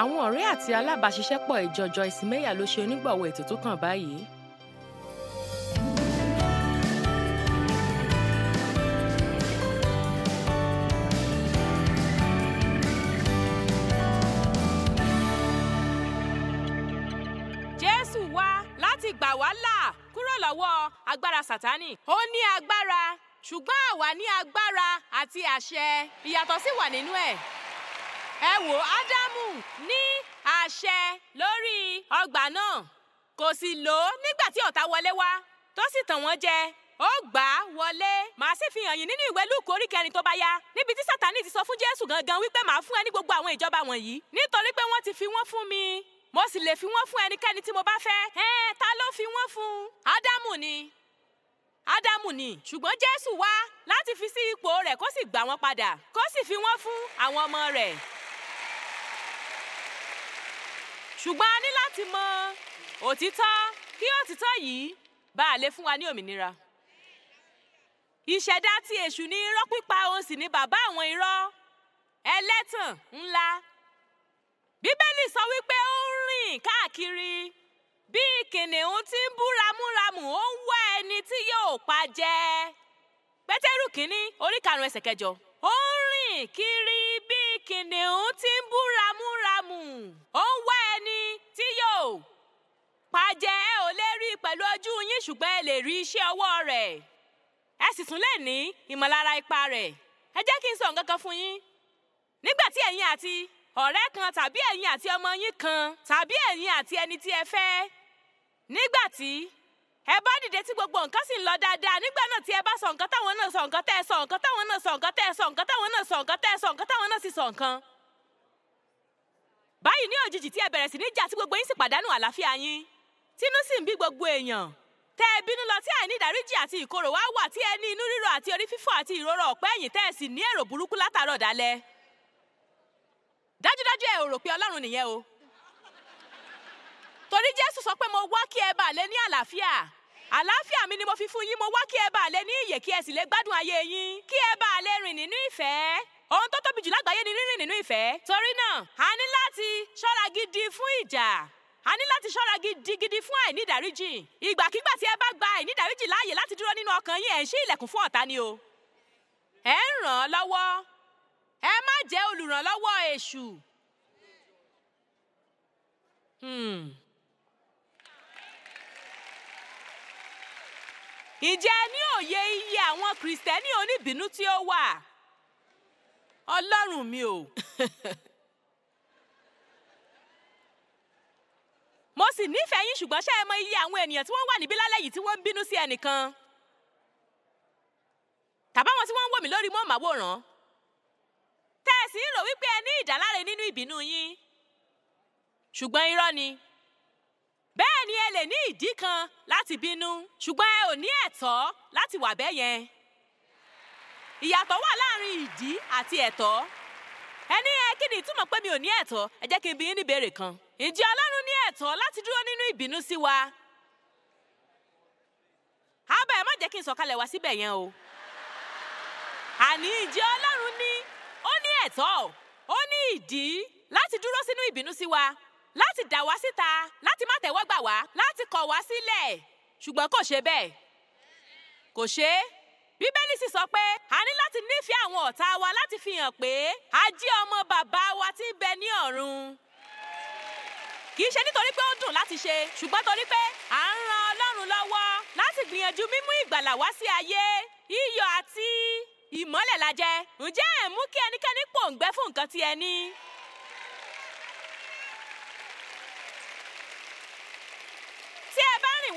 àwọn ọ̀rẹ́ àti alábàáṣiṣẹ́pọ̀ ìjọ Joyce Meyer ló ṣe onígbọ̀wọ́ ètò tó kàn báyìí. Jésù wá láti gbà wá là kúrò lọ́wọ́ agbára Sátánì ó ní agbára ṣùgbọ́n àwa ní agbára àti àṣẹ ìyàtọ̀ sì wà nínú ẹ̀ ẹ wò ádámù ní àṣẹ lórí ọgbà náà kò sì lò ó nígbà tí ọ̀tá wọlé wá tó sì tàn wọ́n jẹ ó gbà á wọlé màá sì fi hàn yín nínú ìwé lúùkù orí kẹrin tó bá yá níbi tí sátani ti sọ fún jésù gangan wípé màá fún ẹ ní gbogbo àwọn ìjọba wọ̀nyí nítorí pé wọ́n ti fi wọ́n fún mi mo sì lè fi wọ́n fún ẹnikẹ́ni tí mo bá fẹ́ ẹ ta ló fi wọ́n fún ádámù ni ádámù ni ṣùgbọ́n jésù wá láti fi sí ipò rẹ̀ kó sì gbà wọ́n padà kó sì fi wọ́n fún àwọn ọmọ rẹ̀ ṣùgbọ́n a ní láti mọ òtítọ́ kí òtítọ́ yìí bá a lè fún wa ní òmìnira. ìṣẹ̀dá ti èṣù ni irọ́ pípa òun sì ni bàbá àwọn irọ́ ẹlẹ́tàn ńlá. bíbélì sọ wípé ó ń rìn káàkiri bí kìnìún ti ń bú ramúramù ó ń wá ẹni tí yóò pa jẹ. pétérù kínní orí karùn-ún ẹsẹ̀ kẹjọ ó ń rìn kiri bí kìnìún ti ń bú ramúramù ó ń wá ẹni tí yóò pàjẹ́ ẹ ò lè rí pẹ̀lú ojú yín ṣùgbọ́n ẹ lè rí iṣẹ́ ọwọ́ rẹ̀ ẹ sì tún lè ní ìmọ̀lára ipa rẹ̀ ẹ jẹ́ kí n sọ nǹkan kan fún yín nígbà tí ẹ̀yin àti ọ̀rẹ́ kan tàbí ẹ̀yin àti ọmọ yín kan tàbí ẹ̀yin àti ẹni tí ẹ fẹ́ nígbà tí ẹ bá dìde tí gbogbo nǹkan sì ń lọ dáadáa nígbà náà tí ẹ bá sọ nǹkan táwọn náà sọ nǹkan tẹ́ ẹ sọ nǹkan táwọn náà sọ nǹkan tẹ́ ẹ sọ nǹkan táwọn náà sọ nǹkan tẹ́ ẹ sọ nǹkan táwọn náà sì sọ nǹkan. báyìí ní òjijì tí ẹ bẹ̀rẹ̀ sí ní jà tí gbogbo yín sì pàdánù àlàáfíà yín tínú sì ń bí gbogbo èèyàn tẹ ẹ bínú lọ tí àìní ìdáríjì àti ìkorò wá wà tí ẹ ní inú ríro àti orí fífọ́ àti ìrora ọ̀pẹ́ ẹ̀yìn tẹ́ ẹ sì ní èrò burúkú látàárọ̀ dalẹ́ dájúdájú ẹ ò rò pé ọlọ́run nìyẹn o torí jésù sọ pé mo wá kí ẹ bá lè ní àlàáfíà àlàáfíà mi ni mo fi fún yín mo wá kí ẹ bá lè ní ìyè kí ẹ sì lè gbádùn ayé yín kí ẹ bá lè rìn nínú ìfẹ́ ohun tó tóbi jù lágbàáyé ni rírìn nínú ìfẹ́ torí náà a ní láti ṣọ́ra gidi fún ìjà a ní láti ṣọ́ra gidigidi fún àìní ìdáríjì ìgbàkigbà tí ẹ bá gba àìní ìdáríjì láàyè láti dúró nínú ọkàn yín ẹ̀ ń ṣí ilẹ̀kùn fún ọ̀tá ni o ẹ ń ràn án lọ́wọ́ ẹ má jẹ́ olùrànlọ́wọ́ èṣù. Hmm. Ǹjẹ́ ní òye iye àwọn Kìrìsìtẹ́nì oníbínú tí ó wà? Ọlọ́run mi ò. Mo sì nífẹ̀ẹ́ yín ṣùgbọ́n ṣé ẹ mọ iye àwọn ènìyàn tí wọ́n wà níbí lálẹ́ yìí tí wọ́n ń bínú sí ẹnìkan? Tàbáwọn tí wọ́n ń wò mí lórí móhùnmáwòrán. Tẹ́ ẹ sì ń rò wípé ẹ ní ìdáláre nínú ìbínú yín. Ṣùgbọ́n irọ́ ni bẹ́ẹ̀ ni ẹ lè ní ìdí kan láti bínú ṣùgbọ́n ẹ ò ní ẹ̀tọ́ láti wà bẹ́ẹ̀ yẹn. ìyàtọ̀ wà láàrin ìdí àti ẹ̀tọ́. ẹ ẹ kí ni ìtumọ̀ pé mi ò ní ẹ̀tọ́ ẹ jẹ́ kí n bi yín ní ìbéèrè kan. ǹjẹ́ ọlọ́run ní ẹ̀tọ́ láti dúró nínú ìbínú sí wa? àbá ẹ má jẹ́ kí n sọ̀kalẹ̀ wá síbẹ̀ yẹn o. àní ǹjẹ́ ọlọ́run ní ó ní ẹ̀tọ́ ó ní ìdí láti dúró sínú ìbínú sí wa láti dà wá síta láti má tẹ́wọ́ gbà wá láti kọ̀ wá sílẹ̀ ṣùgbọ́n kò ṣe bẹ́ẹ̀ kò ṣe é bíbélì sì sọ pé a ní láti nífẹ̀ẹ́ àwọn ọ̀tá wa láti fi hàn pé a jí ọmọ bàbá wa tí ń bẹ ní ọ̀run kì í ṣe nítorí pé ó dùn láti ṣe ṣùgbọ́n torí pé à ń ran Ọlọ́run lọ́wọ́ láti gbìyànjú mímú ìgbàlà wá sí ayé iyọ̀ àti ìmọ́lẹ̀ la ǹjẹ́ ẹ̀ mú kí ẹnikẹ́ni pòǹgbẹ fún nǹkan tí ẹ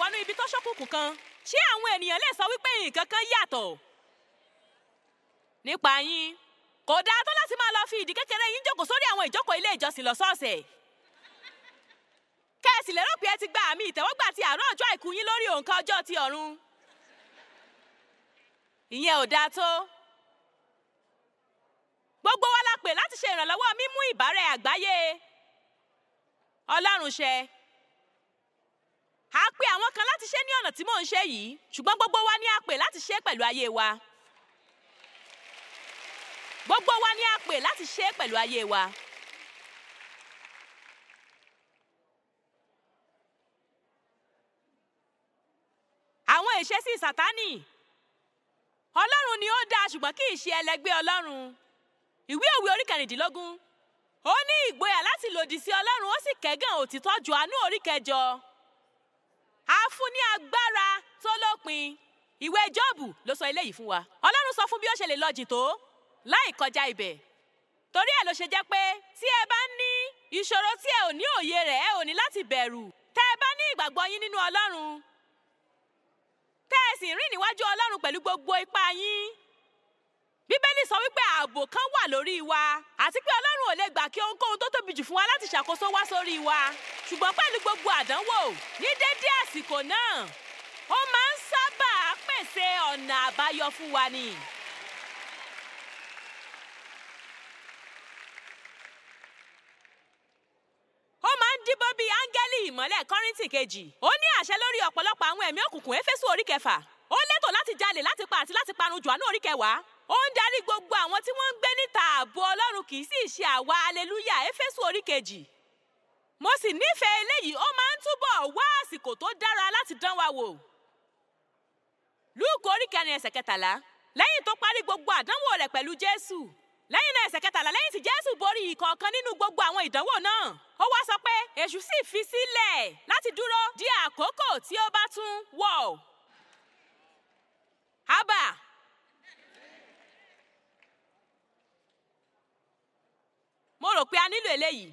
wọnú ibi tó ṣókùnkùn kan ṣé àwọn ènìyàn lè sọ wípé nǹkan kan yàtọ̀ nípa yín kò dáa tó láti máa lọ fi ìdí kékeré yín jókòó sórí àwọn ìjókòó ilé ìjọsìn lọ́sọ̀ọ̀sẹ̀ kẹ́sì lérò pé ẹ ti gba àmì ìtẹ́wọ́gbà ti àárọ̀ ọjọ́ àìkú yín lórí òǹkà ọjọ́ ti ọ̀run ìyẹn ò dáa tó gbogbo wa la pè láti ṣe ìrànlọ́wọ́ mímú ìbára àgbáyé ọlọ́run ṣe a pe àwọn kan láti ṣe ní ọ̀nà tí mò ń ṣe yìí ṣùgbọ́n gbogbo wa ni a pè láti ṣe pẹ̀lú ayé wa gbogbo wa ni a pè láti ṣe pẹ̀lú ayé wa. àwọn ìṣesí sátánì ọlọ́run ni ó dáa ṣùgbọ́n kì í ṣe ẹlẹgbẹ́ ọlọ́run ìwé òwe orí kẹrìndínlógún ó ní ìgboyà láti lòdì sí ọlọ́run ó sì kẹ́gàn òtítọ́ jòhánù orí kẹjọ a fún ní agbára tó lópin ìwé Jóòbù ló sọ eléyìí fún wa Ọlọ́run sọ fún bí ó ṣe lè lọ jìn tó láì kọjá ibẹ̀ torí ẹ̀ ló ṣe jẹ́ pé tí ẹ bá ní ìṣòro tí ẹ ò ní òye rẹ̀ ẹ ò ní láti bẹ̀rù tẹ́ ẹ bá ní ìgbàgbọ́ yín nínú Ọlọ́run tẹ́ ẹ sì rìn níwájú Ọlọ́run pẹ̀lú gbogbo ipá yín bíbélì sọ wípé ààbò kan wà lórí wa àti pé ọlọ́run ò lè gbà kí ohunkóhun tó tóbi jù fún wa láti ṣàkóso wá sórí wa ṣùgbọ́n pẹ̀lú gbogbo àdánwò ní dédé àsìkò náà ó máa ń sábà pèsè ọ̀nà àbáyọ fún wa ni. ó máa ń díbọ́n bíi áńgẹ́lì ìmọ́lẹ̀ kọ́ríntì kejì ó ní àṣẹ lórí ọ̀pọ̀lọpọ̀ àwọn ẹ̀mí òkùnkùn éfésù orí kẹfà ó lẹ́tọ̀ọ́ láti jalè láti pa àti láti parun jòhánù orí kẹwàá ó ń darí gbogbo àwọn tí wọ́n ń gbé níta ààbò ọlọ́run kì í sì ṣe àwa aleluya éfésù orí kejì mo sì nífẹ̀ẹ́ eléyìí ó máa ń túbọ̀ wá àsìkò tó dára láti dán wa wò lúùkù orí kẹrin ẹsẹ̀ kẹtàlá lẹ́yìn tó parí gbogbo àdánwò rẹ̀ pẹ̀lú jésù lẹ́yìn náà ẹsẹ̀ kẹtàlá lẹ́yìn tí jésù borí ìkọ̀ọ̀kan nínú gbogbo àwọn ìdánwò náà ó wá sọ pé èṣù sì fi sílẹ̀ láti dúró di àkókò tí ó bá tún wọ̀. abba mo rò pé a nílò eléyìí.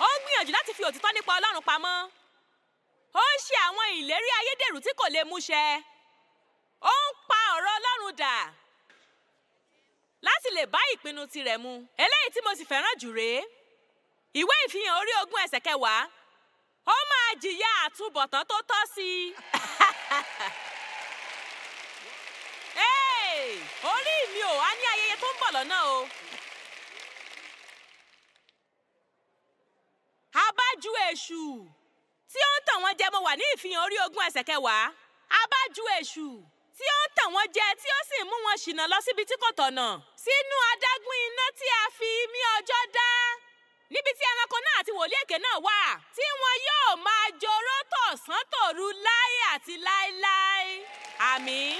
ó ń gbìyànjú láti fi òtítọ́ nípa Ọlọ́run pamọ́ ó ń ṣe àwọn ìlérí ayédèrú tí kò lè múṣẹ ó ń pa ọ̀rọ̀ Ọlọ́run dà láti lè bá ìpinnu tirẹ̀ mu eléyìí tí mo sì fẹ́ràn jù rèé ìwé ìfihàn orí ogún ẹsẹ̀ kẹwàá ó máa jìyà àtúbọ̀tán tó tọ́ sí i. mi o a ní ayẹyẹ tó ń bọ̀ lọ́nà o. abájú èṣù tí ó ń tàn wọ́n jẹ mo wà ní ìfihàn orí ogún ẹsẹ̀ kẹwàá abájú èṣù tí ó ń tàn wọ́n jẹ tí ó sì mú wọn ṣìnà lọ síbi tí kò tọ̀nà sínú adágún iná tí a fi imí ọjọ́ dá níbi tí ẹranko náà àti wòlíì èké náà wà tí wọn yóò máa joró tọ̀sán tòru láé àti láéláé àmín.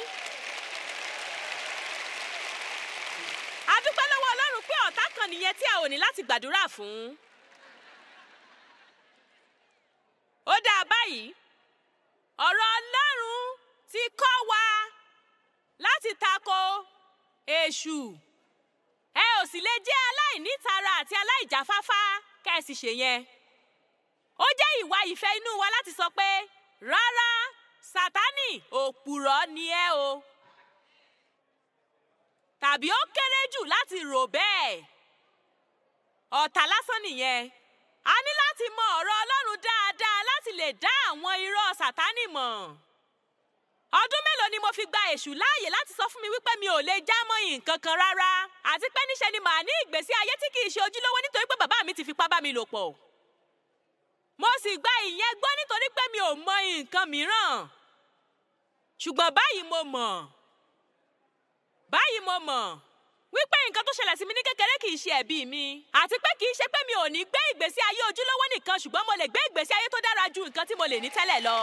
adúpẹ́ lọ́wọ́ ọlọ́run pé ọ̀tá kan nìyẹn tí a ò ní láti gbàdúrà fún. ó dáa báyìí ọ̀rọ̀ ọlọ́run ti kọ́ wa láti tako èṣù ẹ ò sì lè jẹ́ aláìnítara àti aláìjáfáfá kẹ́ ẹ sì ṣe yẹn. ó jẹ́ ìwà ìfẹ́ inú wa láti sọ pé rárá sátánì òpùrọ́ ni ẹ o tàbí ó kéré jù láti rò bẹ́ẹ̀. ọ̀tá lásán nìyẹn. a ní láti mọ ọ̀rọ̀ Ọlọ́run dáadáa láti lè dá àwọn irọ́ Sátánì mọ̀. ọdún mélòó ni mo fi gba èṣù láàyè láti sọ fún mi wípé mi ò lè já mọ́ nǹkan kan rárá àti pé níṣe ni màá ní ìgbésí ayé tí kì í ṣe ojúlówó nítorí pé bàbá mi ti fipá bá mi lò pọ̀. mo sì gba ìyẹn gbọ́ nítorí pé mi ò mọ nǹkan mìíràn ṣùgbọ́n báyìí mo mọ̀ báyìí mo mọ̀ wípé nǹkan tó ṣẹlẹ̀ sí mi ní kékeré kì í ṣe ẹ̀bi mi àti pé kì í ṣe pé mi ò ní gbé ìgbésí ayé ojúlówó nìkan ṣùgbọ́n mo lè gbé ìgbésí ayé tó dára ju nǹkan tí mo lè ní tẹ́lẹ̀ lọ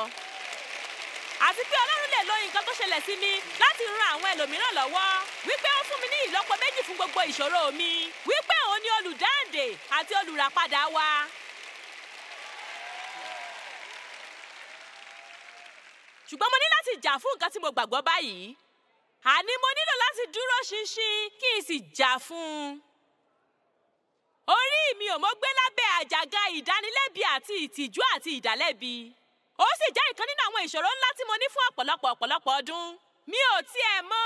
àti pé ọlọ́run lè lo nǹkan tó ṣẹlẹ̀ sí mi láti ran àwọn ẹlòmíràn lọ́wọ́ wípé ó fún mi ní ìlọ́po méjì fún gbogbo ìṣòro mi wípé òun ni olùdáǹdè àti olùràpadà wa. ṣùgbọ́n mo ní láti jà fún nǹkan tí mo gbàgbọ́ báyìí àní mo nílò láti dúró ṣinṣin kí n sì jà fún un. orí mi ò mọ́ gbé lábẹ́ àjàgà ìdánilẹ́bi àti ìtìjú àti ìdálẹ́bi. ó sì jẹ́ ìkan nínú àwọn ìṣòro ńlá tí mo ní fún ọ̀pọ̀lọpọ̀ ọ̀pọ̀lọpọ̀ ọdún. mi ò tiẹ̀ mọ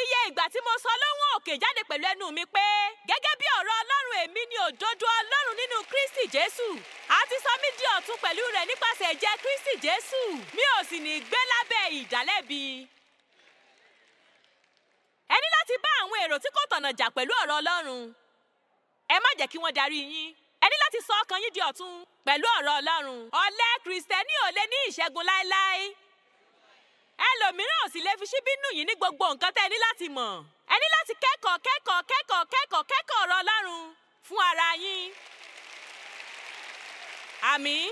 iye ìgbà tí mo sọ lóhùn òkè jáde pẹ̀lú ẹnu mi pé gẹ́gẹ́ bí ọ̀rọ̀ ọlọ́run èmi ni òdodo ọlọ́run nínú kristi jésù àti sọ mí di ọ̀tun pẹ̀lú rẹ̀ nípasẹ̀ ẹ̀jẹ̀ kristi jésù mi ò sì ní gbé lábẹ́ ìdálẹ́bi láti bá àwọn èrò tí kò tọ̀nà jà pẹ̀lú ọ̀rọ̀ Ọlọ́run ẹ má jẹ́ kí wọ́n darí yín ẹ ní láti sọ ọkàn yín di ọ̀tun pẹ̀lú ọ̀rọ̀ Ọlọ́run ọ̀lẹ Kristẹni ò lè ní ìṣẹ́gun láéláé ẹlòmíràn ò sì lè fi ṣíbí nù yín ní gbogbo nǹkan tẹ́ ẹ ní láti mọ̀ ẹ ní láti kẹ́kọ̀ọ́ kẹ́kọ̀ọ́ kẹ́kọ̀ọ́ kẹ́kọ̀ọ́ kẹ́kọ̀ọ́ ọ̀rọ̀ Ọlọ́run fún ara yín àmín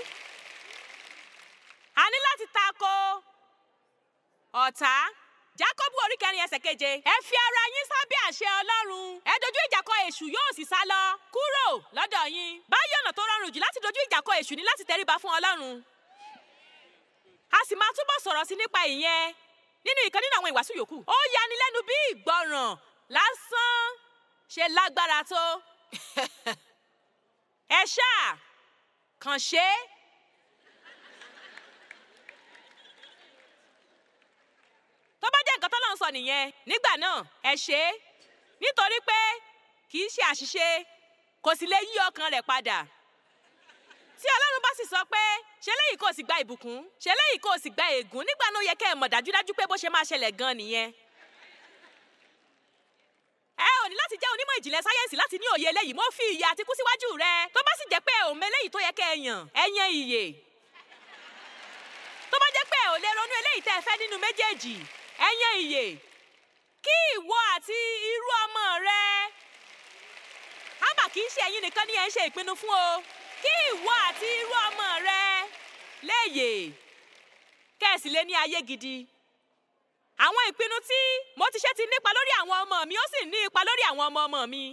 a ní láti tako ọ̀tá jákọ́bù orí kẹrin ẹsẹ̀ keje ẹ fi ara yín sábẹ́ àṣẹ ọlọ́run ẹ dojú ìjà kọ èṣù yóò sì sá lọ kúrò lọ́dọ̀ yín báyìí ọ̀nà tó rọrùn jù láti dojú ìjà kọ èṣù ni láti tẹríba fún ọlọ́run a sì máa túbọ̀ sọ̀rọ̀ sí nípa ìyẹn nínú ìkan nínú àwọn ìwàásù yòókù ó yanilẹ́nu bí ìgbọràn lásán ṣe lágbára tó ẹ ṣáà kàn ṣe é tó bá jẹ́ nǹkan tọ́lọ́run sọ nìyẹn nígbà náà ẹ ṣe é nítorí pé kì í ṣe àṣìṣe kò sì lè yí ọkàn rẹ̀ padà tí ọlọ́run bá sì sọ pé ṣe léyìí kò sì gba ìbùkún ṣe léyìí kò sì gba ègún nígbà náà yẹ kẹ́ ẹ mọ̀ dájúdájú pé bó ṣe máa ṣẹlẹ̀ gan nìyẹn ẹ ò ní láti jẹ́ onímọ̀ ìjìnlẹ̀ sáyẹ́ǹsì láti ní òye eléyìí mo fi ìyè àti kú síwájú rẹ tó bá sì jẹ́ pé ò mẹ́lẹ́yìí tó yẹ kẹ́ ẹ yàn ẹ yan ìyè tó bá jẹ́ pé ò lè ronú eléyìí tẹ́ ẹ fẹ́ nínú méjèèjì ẹ̀yàn ìyè kí ìwọ àti irú ọmọ rẹ ámà kì í ṣe ẹ̀yin nìkan ni ẹ̀ ń ṣe ìpinnu fún o kí ìwọ àti irú ọmọ rẹ léyè kẹ́sì lé ní ayé gidi àwọn ìpinnu tí mo ti ṣe ti nípa lórí àwọn ọmọ mi ó sì ní ipa lórí àwọn ọmọ ọmọ mi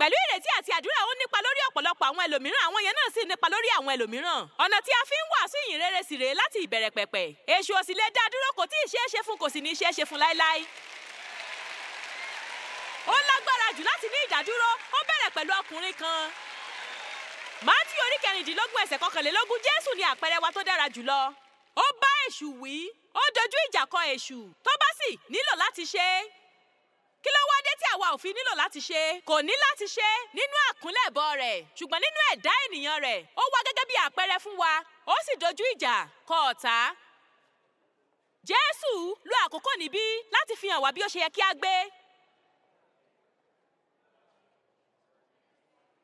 pẹ̀lú ìrètí àti àdúrà ó nípa lórí ọ̀pọ̀lọpọ̀ àwọn ẹlòmíràn àwọn yẹn náà sì nípa lórí àwọn ẹlòmíràn. ọ̀nà tí a fi ń wàásù ìyìn rere sì rèé láti ìbẹ̀rẹ̀ pẹ̀pẹ̀. èṣù ò sì lè dá dúró kò tí ì ṣeé ṣe fún kò sì ní í ṣeé ṣe fún láéláé. ó lágbára jù láti ní ìdádúró ó bẹ̀rẹ̀ pẹ̀lú ọkùnrin kan. mátí orí kẹrìndínlógún ẹsẹ̀ kọkànlélógún jésù ni àpẹẹrẹ wa tó dára jùlọ. ó bá èṣù wí ó dojú ìjà kọ èṣù tó bá sì nílò láti ṣe é kí ló wá dé tí àwa ò fi nílò láti ṣe kò ní láti ṣe nínú àkúnlẹ̀bọ rẹ̀ ṣùgbọ́n nínú ẹ̀dá ènìyàn rẹ̀ ó wá gẹ́gẹ́ bí àpẹẹrẹ fún wa ó sì dojú ìjà kọ ọ̀tá Jésù lo àkókò níbí láti fi hàn wá bí ó ṣe yẹ kí a gbé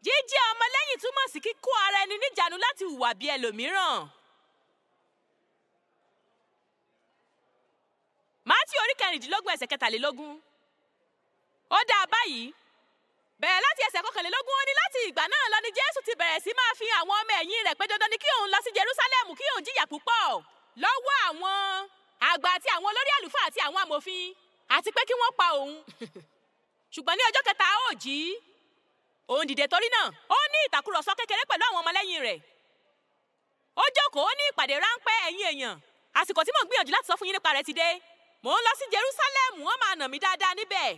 jíjẹ́ ọmọlẹ́yìn túmọ̀ sí kíkó ara ẹni níjànú láti hùwà bí ẹlòmíràn. Mátíù orí kẹrìndínlógún ẹsẹ̀ kẹtàlélógún ó dáa báyìí bẹ̀rẹ̀ láti ẹsẹ̀ kọkànlélógún ó ní láti ìgbà náà lọ ni jésù ti bẹ̀rẹ̀ sí máa fi àwọn ọmọ ẹ̀yìn rẹ̀ pé dandan ni kí òun lọ sí jerúsálẹ́mù kí òun jìyà púpọ̀ lọ́wọ́ àwọn àgbà àti àwọn olórí àlùfáà àti àwọn amòfin àti pé kí wọ́n pa òun ṣùgbọ́n ní ọjọ́ kẹta ó jí òun dìde torí náà ó ní ìtàkùrọ̀sọ kékeré pẹ̀lú àwọn ọmọlẹ́yìn rẹ̀ ó jókòó ó ní ìpàdé ráńpẹ́ ẹ̀yin èèyàn àsìkò tí mò ń gbìyànjú láti sọ fún yín nípa rẹ̀ ti dé mò ń lọ sí jerúsálẹ́mù wọ́n máa nà mí dáadáa níbẹ̀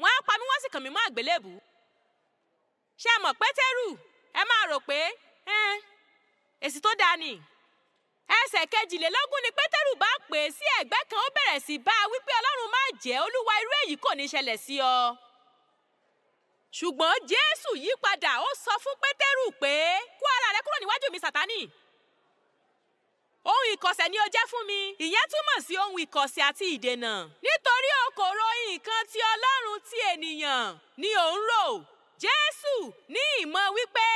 wọ́n á pa mí wọ́n sì kàn mí mọ́ àgbélébùú. ṣé ẹ mọ̀ pétérù ẹ máa rò pé èsì tó dáa ni ẹsẹ̀ kejìlélógún ni pétérù bá pè é sí ẹ̀gbẹ́ kan ó bẹ̀rẹ̀ sí bá a wípé ọlọ́run má jẹ́ olúwa irú èyí kò ní ṣẹlẹ̀ sí ọ. ṣùgbọ́n jésù yí padà ó sọ fún pétérù pé kó ara rẹ kúrò níwájú mi sátánì ohun ìkọ̀sẹ̀ ni o jẹ́ fún mi ìyẹn túmọ̀ sí ohun ìkọ̀sẹ̀ àti ìdènà nítorí o kò ro nǹkan ti Ọlọ́run ti ènìyàn ni ò ń rò Jésù ní ìmọ̀ wípé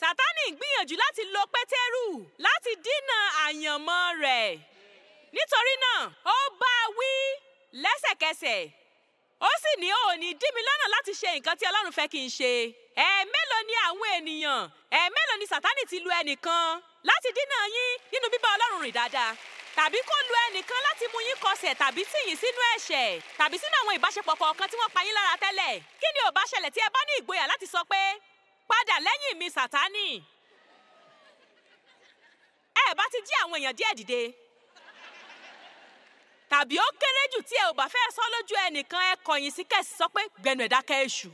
Sátánì ń gbìyànjú láti lo Pétérù láti dínà àyànmọ́ rẹ̀ nítorí náà ó bá a wí lẹ́sẹ̀kẹsẹ̀ ó sì ní òní dí mi lọ́nà láti ṣe nǹkan tí Ọlọ́run fẹ́ kí n ṣe ẹ̀ẹ́mẹ́ ni àwọn ènìyàn ẹ̀ẹ̀mélòó ni sátánì ti lu ẹnìkan láti dínà yín nínú bíbá ọlọ́run rìn dáadáa tàbí kó lu ẹnìkan láti mú yín kọsẹ̀ tàbí tì yín sínú ẹ̀ṣẹ̀ tàbí sínú àwọn ìbáṣepọ̀ kọ̀ọ̀kan tí wọ́n pa yín lára tẹ́lẹ̀ kí ni ò bá ṣẹlẹ̀ tí ẹ bá ní ìgboyà láti sọ pé padà lẹ́yìn mi sátánì ẹ bá ti jí àwọn èèyàn díẹ̀ dìde tàbí ó kéré jù tí ẹ ò bá fẹ́ sọ lójú ẹnìkan ẹ kọ̀yìn sí kẹ̀sì sọ pé gbẹnu ẹ̀dákẹ́ èṣù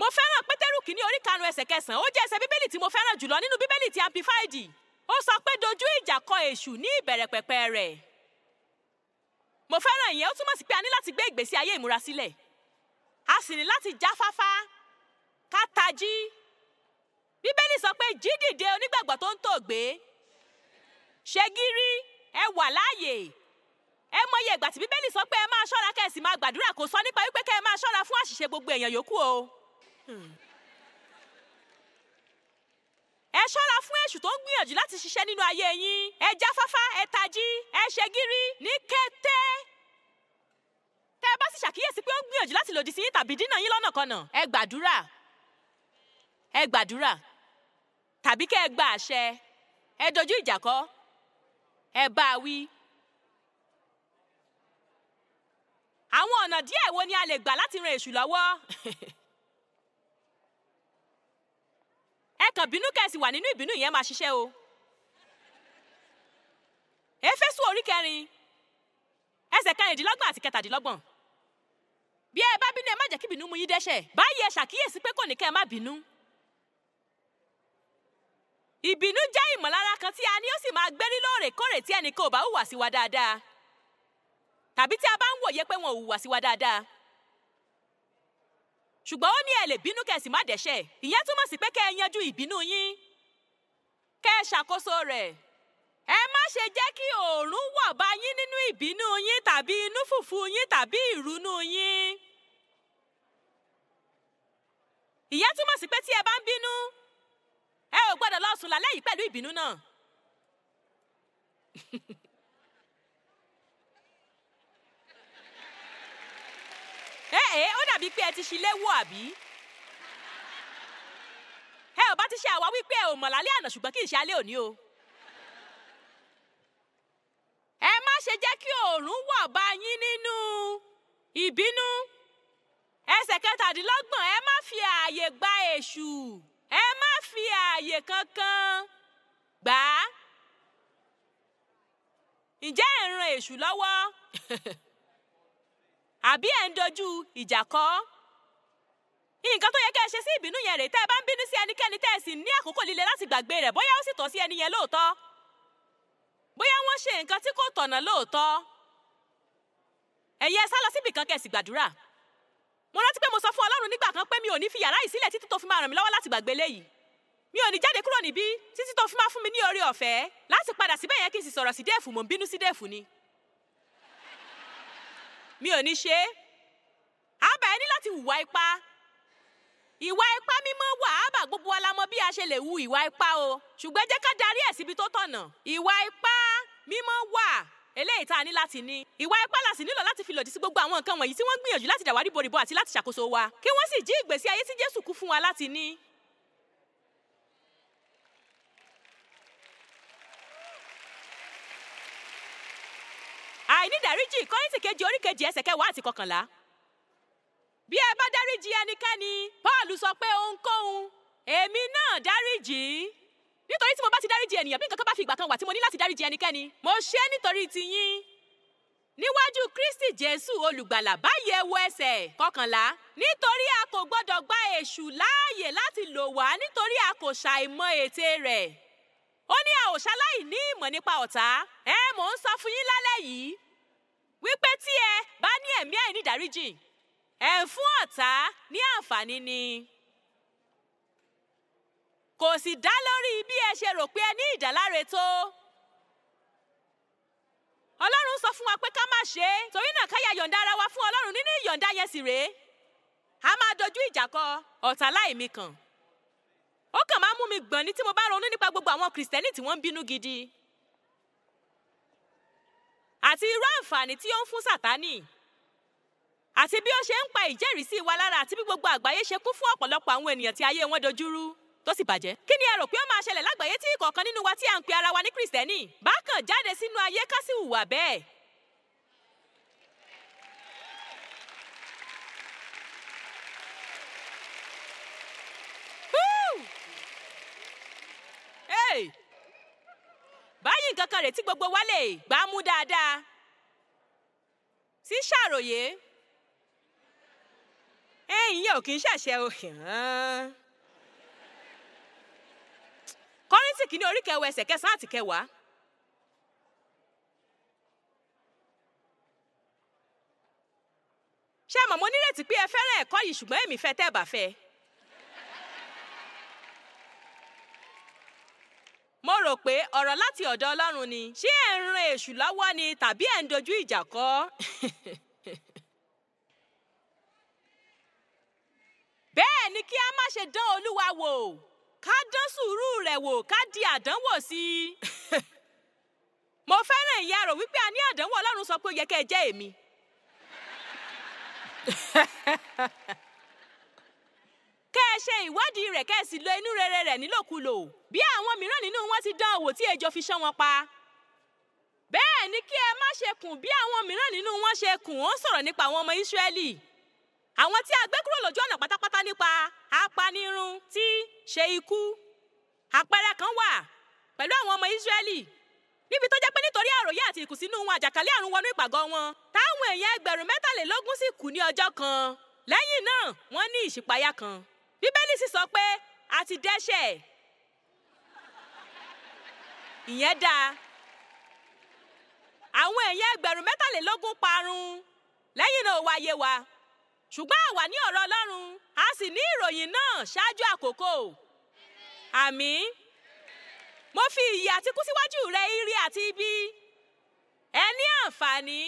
mo fẹ́ràn pétérù kìíní orí karùn-ún ẹsẹ̀ kẹsàn-án ó jẹ́ ẹsẹ̀ bíbélì tí mo fẹ́ràn jùlọ nínú bíbélì ti amplified ó sọ pé dojú ìjà kọ èṣù ní ìbẹ̀rẹ̀ pẹ̀pẹ̀ rẹ̀ mo fẹ́ràn ìyẹn ó túmọ̀ sí pé a ní láti gbé ìgbésí ayé ìmúrasílẹ̀ a sì ní láti jáfáfá ká tají bíbélì sọ pé jí dìde onígbàgbọ́ tó ń tòògbé ṣe gírí ẹ wà láàyè ẹ mọyì ìgbà tí bíbélì sọ pé ẹ máa ṣọ́ra kẹ́ ẹ sì máa gbàdúrà kò sọ nípa wípé kẹ́ ẹ máa ṣọ́ra fún àṣìṣe gbogbo èèyàn yòókù o. Hmm. ẹ ṣọ́ra fún èṣù tó ń gbìyànjú láti ṣiṣẹ́ nínú ayé yín ẹ jáfáfá ẹ tají ẹ ṣe gírí ní kété tẹ bá sì ṣàkíyèsí pé ó ń gbìyànjú láti lòdì sí yín tàbí dínà yín lọ́nàkọnà ẹ gbàdúrà ẹ gbàdúrà tàbí kẹ́ ẹ gba àṣẹ ẹ dojú ìjà kọ ẹ bá a wí. àwọn ọ̀nà díẹ̀ wo ni a lè gbà láti ran èṣù lọ́wọ́? kàn bínú kẹ̀sì wà nínú ìbínú yẹn máa ṣiṣẹ́ o. Éfésù orí kẹrin ẹsẹ̀ kẹrìndínlọ́gbọ̀n àti kẹtàdínlọ́gbọ̀n. Bí ẹ bá bínú ẹ má jẹ́ kí bínú mú yín dẹ́ṣẹ̀. Báyìí ẹ ṣàkíyèsí pé kò ní kẹ́ ẹ má bínú. Ìbínú jẹ́ ìmọ̀lára kan tí a ní ó sì máa gbérí lóòrèkóòrè tí ẹnì kan ò bá hùwà sí wa dáadáa. Tàbí tí a bá ń wòye pé wọn ò hùwà sí wa dáadáa ṣùgbọ́n ó ní ẹ lè bínú kẹ̀sì má dẹ́ṣẹ̀ ìyẹn túmọ̀ sí pé kẹ́ ẹ yanjú ìbínú yín kẹ́ ẹ ṣàkóso rẹ̀ ẹ má ṣe jẹ́ kí oòrùn wọ̀ bá yín nínú ìbínú yín tàbí inú fùfú yín tàbí ìrunú yín. ìyẹn túmọ̀ sí pé tí ẹ bá ń bínú ẹ ò gbọ́dọ̀ lọ sùn lálẹ́ yìí pẹ̀lú ìbínú náà. ẹ ẹ ó dàbí pé ẹ ti ṣí léwó àbí. ẹ ò bá ti ṣe àwa wípé ẹ ò mọ̀ lálẹ́ àná ṣùgbọ́n kì í ṣe alẹ́ òní o. ẹ má ṣe jẹ́ kí oòrùn wọ̀ bá yín nínú ìbínú. ẹsẹ̀ kẹtàdínlọ́gbọ̀n ẹ má fi ààyè gba èṣù ẹ má fi ààyè kankan gbà á. ǹjẹ́ ẹ̀ ń ran èṣù lọ́wọ́? àbí ẹ̀ ń dojú ìjà kọ nǹkan tó yẹ kẹ́ ẹ ṣe sí ìbínú yẹn rèé tẹ́ ẹ bá ń bínú sí ẹnikẹ́ni tẹ́ ẹ sì ní àkókò líle láti gbàgbé rẹ̀ bóyá ó sì tọ́ sí ẹni yẹn lóòótọ́ bóyá wọ́n ṣe nǹkan tí kò tọ̀nà lóòótọ́ ẹ̀yẹ sá lọ síbì kan kẹ́ ẹ sì gbàdúrà mo rántí pé mo sọ fún Ọlọ́run nígbà kan pé mi ò ní fi yàrá yìí sílẹ̀ títí tó fi máa ràn mí lọ́wọ́ láti gbàgbé léyìí mi ò ní jáde kúrò níbí títí tó fi máa fún mi ní oore ọ̀fẹ́ láti padà síbẹ̀ yẹn kí n sì sọ̀rọ̀ sí déèfù mò ń bínú sí déèfù ni mi ò ní ṣe é àbá ẹ ní láti hùwà ipá ìwà ipá mímọ́ wà àbá gbogbo wa la mọ̀ bí a ṣe lè hu ìwà ipá o ṣùgbọ́n jẹ́ ká darí ẹ̀ síbi tó tọ̀nà ìwà ipá mímọ́ wà eléyìí tá a ní láti ní ìwà ipá la sì nílò láti fi lòdì sí gbogbo àwọn nǹkan wọ̀nyí tí wọ́n gbìyànjú láti dàwárí bòrìbò àti láti ṣàkóso wa kí wọ́n sì jí ìgbésí ayé tí Jésù kú fún wa láti ní àìnídàríjì kọ́ríntì kejì oríkejì ẹsẹ̀ kẹwàá àti kọkànlá. bí ẹ bá dáríjì ẹnikẹ́ni paul sọ pé ohunkóhun èmi náà dáríjì nítorí tí mo bá ti dáríjì ènìyàn bí nǹkan kan bá fi ìgbà kan wà tí mo ní láti dáríjì ẹnikẹ́ni mo ṣe é nítorí tiyín níwájú kristi jésù olùgbàlà báyìí ẹ wo ẹsẹ̀ kọkànlá nítorí a kò gbọ́dọ̀ gba èṣù láàyè láti lò wá nítorí a kò ṣàìmọ̀ ète rẹ̀ ó ní a ò ṣaláì ní ìmọ̀ nípa ọ̀tá ẹ mò ń sọ fún yín lálẹ́ yìí wípé tí ẹ bá ní ẹ̀mí àìnídáríjì ẹ̀ ń fún ọ̀tá ní àǹfààní ni. kò sì dá lórí bí ẹ ṣe rò pé ẹ ní ìdáláre tó. Ọlọ́run sọ fún wa pé ká má ṣe é torí náà ká yà yọ̀ǹda ara wa fún Ọlọ́run nínú ìyọ̀ǹda yẹn sì rèé a máa dojú ìjà kọ ọ̀tá láìmí kan ó kàn máa mú mi gbọ̀n ní tí mo bá ronú nípa gbogbo àwọn Kìrìsìtẹ́nì tí wọ́n ń bínú gidi àti irú àǹfààní tí ó ń fún sátánì àti bí ó ṣe ń pa ìjẹ́rìísí wa lára àti bí gbogbo àgbáyé ṣe kún fún ọ̀pọ̀lọpọ̀ àwọn ènìyàn tí ayé wọn dojúrú tó sì bàjẹ́. kí ni ẹ rò pé ó máa ṣẹlẹ̀ lágbàáyé tí ìkọ̀ọ̀kan nínú wa tí à ń pe ara wa ní kìrìsìtẹ́nì bá kàn jáde sínú ayé ká sì hùwà bẹ́ẹ̀. Hey! báyìí nǹkan kan rè tí gbogbo wa lè gbá mú dáadáa sí ṣàròyé ẹ̀yìn yẹn ò kì í ṣàṣẹ o kọ́rìntì kìíní orí kẹwàá ẹsẹ̀ kẹsàn-án àti kẹwàá. ṣé mọ̀ mo pé ẹ fẹ́ràn ẹ̀kọ́ yìí ṣùgbọ́n èmi fẹ́ tẹ́ bá fẹ́ ẹ. rò pé ọ̀rọ̀ láti ọ̀dọ̀ Ọlọ́run ni ṣé ẹ̀ ń ran èṣù lọ́wọ́ ni tàbí ẹ̀ ń dojú ìjà kọ́. bẹ́ẹ̀ ni kí a má ṣe dán Olúwa wò ká dán sùúrù rẹ̀ wò ká di àdánwò sí i. mo fẹ́ràn ìyá rò wípé a ní àdánwò Ọlọ́run sọ pé ó yẹ kẹ́ ẹ jẹ́ èmi. kẹ́ ẹ ṣe ìwádìí rẹ̀ kẹ́ ẹ sì lo inú rere rẹ̀ nílòkulò bí àwọn mìíràn nínú wọn ti dán wò tí ejò fi ṣán wọn pa. bẹ́ẹ̀ ni kí ẹ má ṣe kùn bí àwọn mìíràn nínú wọn ṣe kùn ó ń sọ̀rọ̀ nípa àwọn ọmọ Ísírẹ́lì àwọn tí a gbé kúrò lójú ọ̀nà pátápátá nípa apanirun tí ṣe ikú àpẹẹrẹ kan wà pẹ̀lú àwọn ọmọ Ísírẹ́lì níbi tó jẹ́ pé nítorí àròyé àti ìkùnsínú wọn àjàkálẹ̀ àrùn wọnú ìpàgọ́ wọn táwọn èèyàn ẹgbẹ̀rún mẹ́tàlélógún sì kú ní ọjọ́ kan lẹ́yìn náà wọ́n ní ìṣípayá kan bíbélì sì sọ pé a ti dẹ́ṣẹ̀ ìyẹn dáa àwọn èèyàn ẹgbẹ̀rún mẹ́tàlélógún parun lẹ́yìn náà wá wa ṣùgbọ́n àwa ní ọ̀rọ̀ Ọlọ́run a sì ní ìròyìn náà ṣáájú àkókò àmín mo fi ìyè àti kú síwájú rẹ ire àti ibi ẹ ní àǹfààní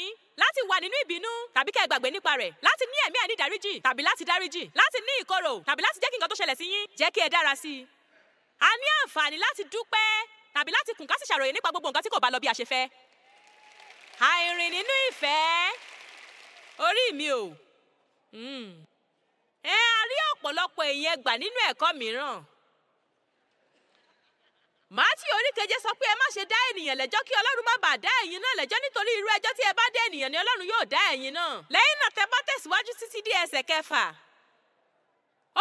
láti wà nínú ìbínú tàbí kẹ́ ẹ gbàgbé nípa rẹ̀ láti ní ẹ̀mí àìní ìdáríjì tàbí láti dáríjì láti ní ìkorò tàbí láti jẹ́ kí nǹkan tó ṣẹlẹ̀ sí yín jẹ́ kí ẹ dára sí i. a ní àǹfààní láti dúpẹ́ tàbí láti kùn ká sì ṣàròyé nípa gbogbo nǹkan tí kò bá lọ bí a ṣe fẹ́. àìrìn nínú ìfẹ́ orí mi ò. Hmm. ẹ a rí ọ̀pọ̀lọpọ̀ èèyàn gbà nínú ẹ̀kọ́ mìíràn Mátíù orí keje sọ pé ẹ má ṣe dá ènìyàn lẹ́jọ́ kí Ọlọ́run má bàa dá ẹ̀yin náà lẹ́jọ́ nítorí irú ẹjọ́ tí ẹ bá dá ènìyàn ni Ọlọ́run yóò dá ẹ̀yin náà. Lẹ́yìn náà tẹ bá tẹ̀síwájú títí dé ẹsẹ̀ kẹfà.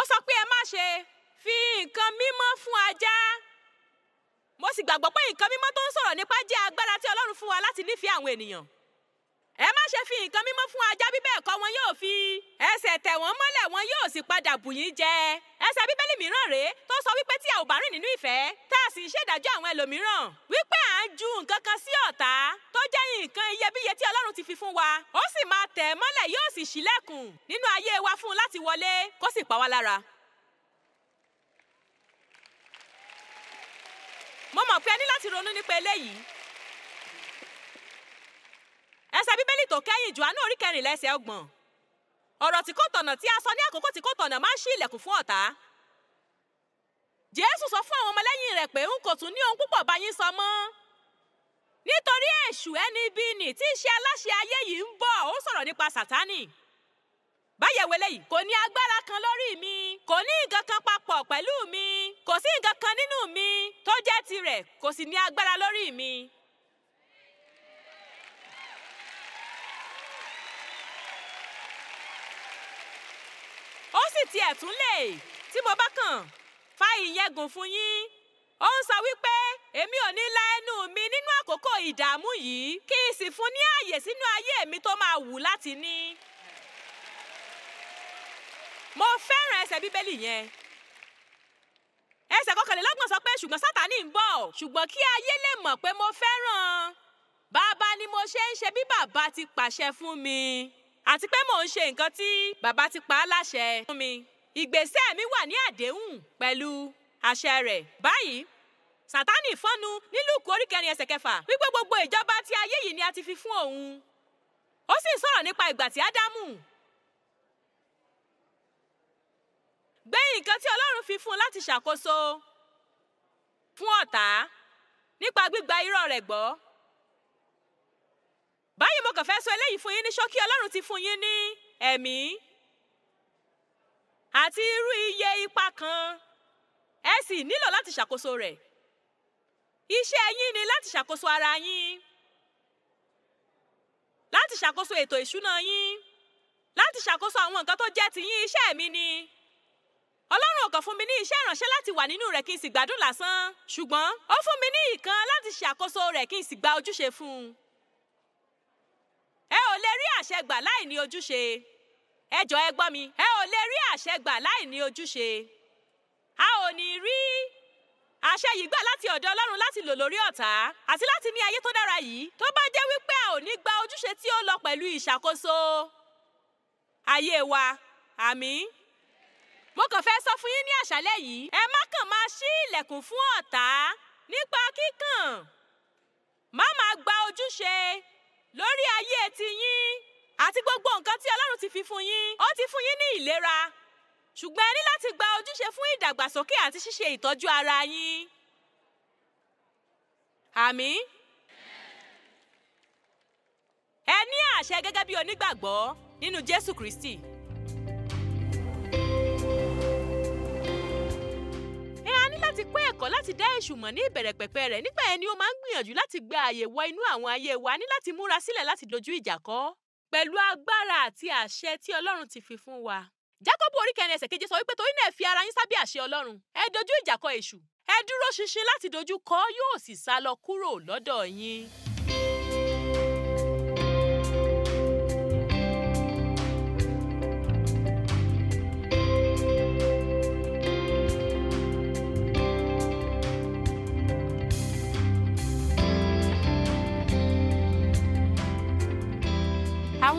Ó sọ pé ẹ má ṣe fi nǹkan mímọ́ fún ajá. Mo sì gbàgbọ́ pé nǹkan mímọ́ tó ń sọ̀rọ̀ nípa jẹ́ agbára tí Ọlọ́run fún wa láti nífẹ̀ẹ́ àwọn ènìyàn. Ẹ má ṣe fi nǹkan mímọ́ fún ajá bí fi ẹsẹ̀ tẹ̀ wọ́n mọ́lẹ̀ wọn yóò sì padà bù yín ẹsẹ̀ bíbélì mìíràn rèé tó sọ wípé tí a ò bá rìn nínú ìfẹ́ tá a sì ṣèdájọ́ àwọn ẹlòmíràn wípé à ń ju nǹkan kan sí ọ̀tá tó jẹ́ nǹkan iyebíye tí Ọlọ́run ti fi fún wa ó sì máa tẹ̀ mọ́lẹ̀ yóò sì ṣílẹ̀kùn nínú ayé wa fún un láti wọlé kó sì pa wá lára. mo mọ̀ pé ẹ ní láti ronú nípa eléyìí ẹsẹ̀ bíbélì tó kẹ́yìn Jòhánù orí kẹrìnlá ọgbọ̀n ọ̀rọ̀ tí kò tọ̀nà tí a sọ ní àkókò tí kò tọ̀nà máa ń ṣí ilẹ̀kùn fún ọ̀tá. Jésù sọ fún àwọn ọmọlẹ́yìn rẹ̀ pé n kò tún ní ohun púpọ̀ bá yín sọ mọ́. Nítorí èṣù ẹni bí nì tí iṣẹ́ aláṣẹ ayé yìí ń bọ̀ ó sọ̀rọ̀ nípa Sátánì. Báyẹ̀wò eléyìí kò ní agbára kan lórí mi, kò ní nǹkan kan papọ̀ pẹ̀lú mi, kò sí nǹkan kan nínú mi tó jẹ́ tirẹ̀, kò sì ní agbára lórí mi. sì tiẹ̀ tún lè tí mo bá kàn fa ìyẹn gùn fún yín ó ń sọ wípé èmi ò ní la ẹnu mi nínú àkókò ìdààmú yìí kí n sì fún ní ààyè sínú ayé mi tó máa wù láti ní. mo fẹ́ràn ẹsẹ̀ bíbélì yẹn ẹsẹ̀ kọkànlélọ́gbọ̀n sọ pé ṣùgbọ́n sátani ń bọ̀ ṣùgbọ́n kí ayé lè mọ̀ pé mo fẹ́ràn bàbá ni mo ṣe ń ṣe bí bàbá ti pàṣẹ fún mi àti pé mò ń ṣe nǹkan tí bàbá ti pa á láṣẹ fún mi. ìgbésẹ̀ mi wà ní àdéhùn pẹ̀lú àṣẹ rẹ̀. báyìí sátánì fọ́nu ní Lúùkù oríkẹrin ẹsẹ̀ kẹfà wípé gbogbo ìjọba ti ayé yìí ni a ti fi fún òun. ó sì ń sọ̀rọ̀ nípa ìgbà tí ádámù gbé nǹkan tí Ọlọ́run fi fún un láti ṣàkóso fún ọ̀tá nípa gbígba irọ́ rẹ̀ gbọ́ báyìí mo kàn fẹ́ sọ eléyìí fún yín ní ṣókí ọlọ́run ti fún yín ní ẹ̀mí àti irú iye ipa kan ẹ sì nílò láti ṣàkóso rẹ̀ iṣẹ́ yín ni láti ṣàkóso ara yín láti ṣàkóso ètò ìṣúná yín láti ṣàkóso àwọn nǹkan tó jẹ́ ti yín iṣẹ́ mi ni ọlọ́run ò kàn fún mi ní iṣẹ́ ìránṣẹ́ láti wà nínú rẹ̀ kí n sì gbádùn lásán ṣùgbọ́n ó fún mi ní ìkan láti ṣàkóso rẹ̀ kí n sì gba ojúṣe fún un àṣẹ gbà láì ní ojúṣe ẹ ẹ gbọ́ mi ẹ ò lè rí àṣẹ gbà láì ní ojúṣe a ò ní rí àṣẹ yìí gbà láti ọ̀dọ̀ Ọlọ́run láti lò lórí ọ̀tá àti láti ní ayé tó dára yìí tó bá jẹ́ wípé a ò ní gba ojúṣe tí ó lọ pẹ̀lú ìṣàkóso ayé wa àmín mo kàn fẹ́ sọ fún yín ní àṣálẹ́ yìí ẹ má kàn máa ṣí ilẹ̀kùn fún ọ̀tá nípa kíkàn má máa gba ojúṣe lórí ayé tiyín àti gbogbo nǹkan tí Ọlọ́run ti fi fún yín ó ti fún yín ní ìlera ṣùgbọ́n ẹ ní láti gba ojúṣe fún ìdàgbàsókè àti ṣíṣe ìtọ́jú ara yín. Àmín. Ẹ ní àṣẹ gẹ́gẹ́ bí onígbàgbọ́ nínú Jésù Kristi. Ẹ á láti kọ́ ẹ̀kọ́ láti dá èṣù mọ̀ ní ìbẹ̀rẹ̀ pẹ̀pẹ̀ rẹ̀ nígbà yẹn ni ó máa ń gbìyànjú láti gba àyè wọ inú àwọn ayé wa ní láti múra sílẹ̀ láti dojú ìjà kọ́ pẹ̀lú agbára àti àṣẹ tí Ọlọ́run ti fi fún wa. Jákọ́bù orí kẹrin ẹsẹ̀ keje sọ wípé torí náà fi ara yín sábẹ́ àṣẹ Ọlọ́run ẹ dojú ìjà kọ èṣù ẹ dúró ṣinṣin láti dojú kọ yóò sì sá lọ kúrò lọ́dọ̀ yín.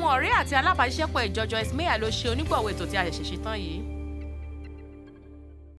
àwọn ọ̀rẹ́ àti alábàáṣiṣẹ́pọ̀ ìjọjọ ismail ló ṣe onígbọ̀wọ́ ètò tí a ṣẹ̀ṣẹ̀ ṣe tán yìí